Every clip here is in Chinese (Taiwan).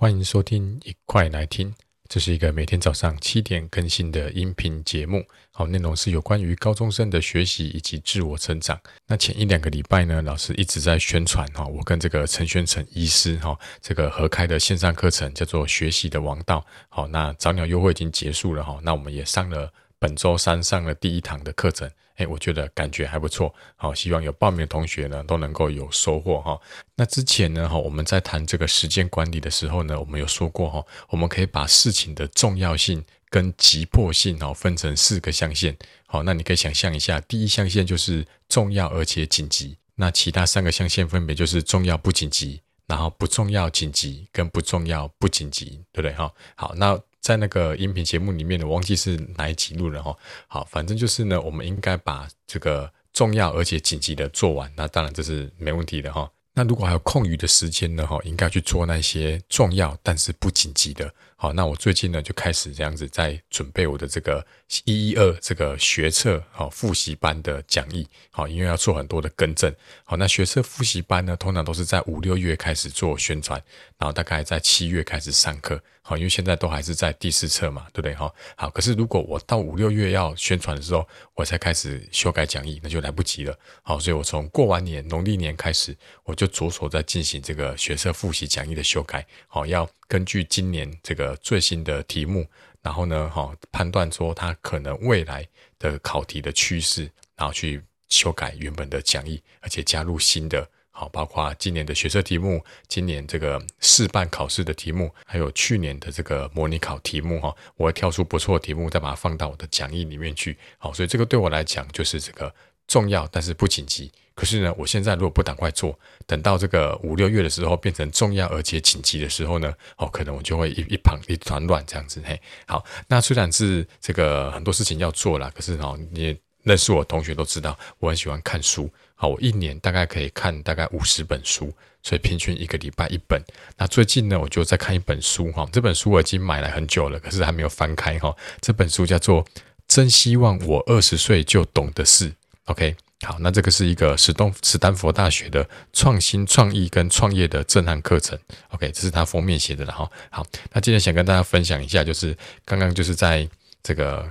歡迎收聽，一塊來聽，這是一個每天早上七點更新的音頻節目。好，內容是有關於高中生的學習以及自我成長。那前一兩個禮拜呢，老師一直在宣傳哈，我跟這個陳宣成醫師哈，這個合開的線上課程叫做《學習的王道》。好，那早鳥優惠已經結束了哈，那我們也上了本周三上了第一堂的課程。哎，我覺得感覺還不錯，好，希望有報名的同學呢都能夠有收穫哈。那之前呢，哈，我們在談這個時間管理的時候呢，我們有說過哈，我們可以把事情的重要性跟急迫性哦分成四個象限。好，那你可以想象一下，第一象限就是重要而且緊急，那其他三個象限分別就是重要不緊急，然後不重要緊急，跟不重要不緊急，對不對哈？好，那。在那個音頻節目裡面，我忘記是哪一集錄的哈。好，反正就是呢，我們應該把這個重要而且緊急的做完。那當然這是沒問題的哈。那如果還有空餘的時間呢哈，應該去做那些重要但是不緊急的。好，那我最近呢就開始這樣子在準備我的這個一一二這個學測好復習班的講義好，因為要做很多的更正好。那學測復習班呢，通常都是在五六月開始做宣傳，然後大概在七月開始上課好，因為現在都還是在第四冊嘛，對不對哈？好，可是如果我到五六月要宣傳的時候，我才開始修改講義，那就來不及了。好，所以我從過完年農曆年開始，我就着手在進行這個學測復習講義的修改好，要根據今年這個。最新的題目，然後呢，哈、哦，判斷說他可能未來的考題的趨勢，然後去修改原本的講義，而且加入新的，好、哦，包括今年的學測題目，今年這個試辦考試的題目，還有去年的這個模擬考題目，哈、哦，我會挑出不錯的題目，再把它放到我的講義裡面去，好、哦，所以這個對我來講就是這個。重要，但是不緊急。可是呢，我現在如果不趕快做，等到這個五六月的時候變成重要而且緊急的時候呢，哦，可能我就會一一旁一團亂這樣子。嘿，好，那雖然是這個很多事情要做啦，可是哦，你認識我同學都知道，我很喜歡看書。好，我一年大概可以看大概五十本書，所以平均一個禮拜一本。那最近呢，我就在看一本書哈、哦，這本書我已經買來很久了，可是還沒有翻開哈、哦。這本書叫做《真希望我二十歲就懂的事》。OK，好，那這個是一個史東史丹佛大學的創新創意跟創業的震撼課程。OK，這是他封面寫的啦。然後，好，那今天想跟大家分享一下，就是剛剛就是在這個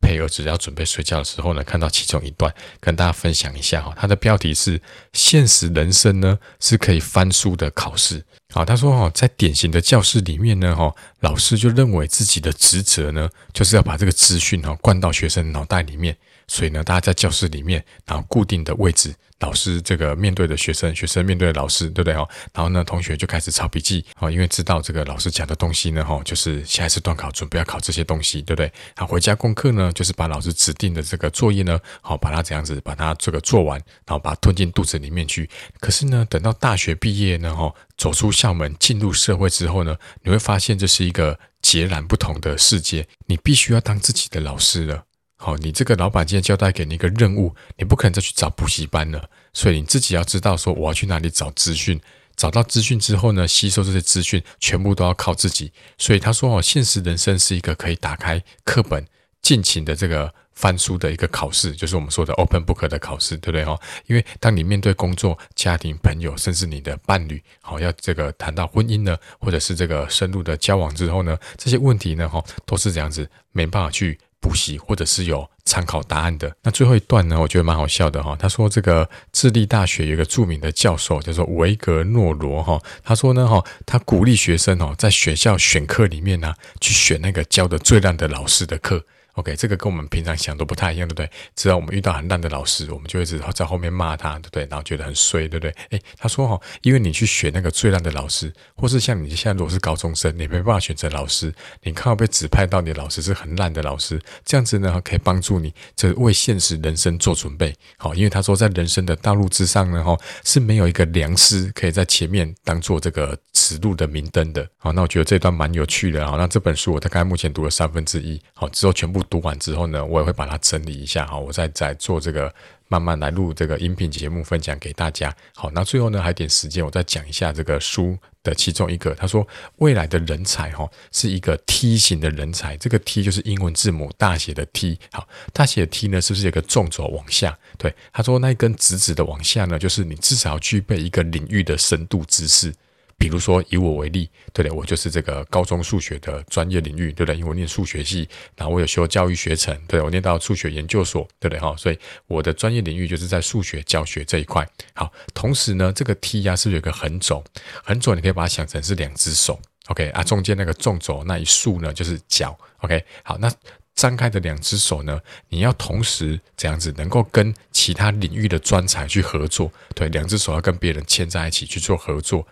陪兒子要準備睡覺的時候呢，看到其中一段，跟大家分享一下哈、哦。他的標題是“現實人生呢是可以翻書的考試”。好，他說哈、哦，在典型的教室裡面呢，哈、哦，老師就認為自己的職責呢，就是要把這個資訊哈灌到學生腦袋裡面。所以呢，大家在教室裡面，然後固定的位置，老師這個面對的學生，學生面對的老師，對不對哦？然後呢，同學就開始抄筆記，哦，因為知道這個老師講的東西呢，哈、哦，就是下一次段考準備要考這些東西，對不對？好，回家功課呢，就是把老師指定的這個作業呢，好、哦，把它這樣子，把它這個做完，然後把它吞進肚子裡面去。可是呢，等到大學畢業呢，哈、哦，走出校門，進入社會之後呢，你會發現這是一個截然不同的世界，你必須要當自己的老師了。好，哦，你這個老闆今天交代給你一個任務，你不可能再去找補習班了，所以你自己要知道說，我要去哪裡找資訊，找到資訊之後呢，吸收這些資訊全部都要靠自己。所以他說哦，現實人生是一個可以打開課本、盡情的這個翻書的一個考試，就是我們說的 open book 的考試，對不對？哦，因為當你面對工作、家庭、朋友，甚至你的伴侶，好，哦，要這個談到婚姻呢，或者是這個深入的交往之後呢，這些問題呢，哦，都是這樣子沒辦法去。複習或者是有參考答案的。那最後一段呢，我覺得蠻好笑的哈、哦。他說這個智利大學有一個著名的教授，叫做維格諾羅哈。他說呢哈，他鼓勵學生哦，在學校選課裡面呢、啊，去選那個教的最爛的老師的課。OK，這個跟我們平常想的不太一樣，對不對？只要我們遇到很爛的老師，我們就會一直在後面罵他，對不對？然後覺得很衰，對不對？哎，他說齁，因為你去選那個最爛的老師，或是像你現在如果是高中生，你沒辦法選擇老師，你靠被指派到你的老師是很爛的老師，這樣子呢可以幫助你，為現實人生做準備。好，因為他說在人生的道路之上呢，是沒有一個良師可以在前面當做這個。指路的明燈的，好，那我覺得這段蠻有趣的啊。那這本書我大概目前讀了三分之一，好，之後全部讀完之後呢，我也會把它整理一下，好，我再再做這個慢慢來錄這個音頻節目分享給大家。好，那最後呢，還有點時間，我再講一下這個書的其中一個。他說未來的人才哈、哦、是一個 T 型的人才，這個 T 就是英文字母大寫的 T，好，大寫的 T 呢是不是有個縱軸往下？對，他說那一根直直的往下呢，就是你至少具備一個領域的深度知識。比如說以我為例，對不對？我就是這個高中數學的專業領域，對不對？因為我念數學系，然後我有修教育學程，對，我念到數學研究所，對不對？哈、哦，所以我的專業領域就是在數學教學這一塊。好，同時呢，這個 T 啊，是不是有一個橫軸？橫軸你可以把它想成是兩只手，OK 啊？中間那個縱軸那一豎呢，就是腳，OK？好，那張開的兩只手呢，你要同時這樣子能夠跟其他領域的專才去合作，對，兩只手要跟別人牽在一起去做合作。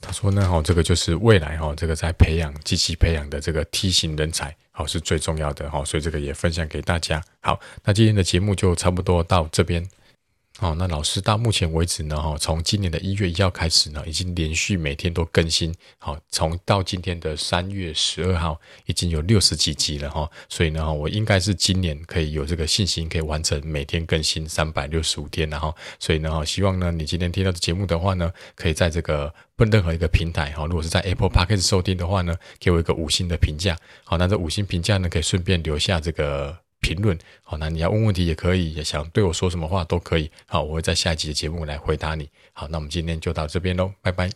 他說呢，哈，這個就是未來哦，哈，這個在培養積極培養的這個梯形人才，好，是最重要的，哈，所以這個也分享給大家。好，那今天的節目就差不多到這邊。哦，那老師到目前為止呢，哈、哦，從今年的一月一號開始呢，已經連續每天都更新，好、哦，從到今天的三月十二號已經有六十幾集了哈、哦，所以呢、哦，我應該是今年可以有這個信心可以完成每天更新三百六十五天，然、哦、後，所以呢，哈、哦，希望呢，你今天聽到的節目的話呢，可以在這個不論任何一個平台，哈、哦，如果是在 Apple Podcast 收聽的話呢，給我一個五星的評價，好、哦，那這五星評價呢，可以順便留下這個。評論，好，那你要問問題也可以，也想對我說什麼話都可以。好，我會在下一集的節目來回答你。好，那我們今天就到這邊嘍，拜拜。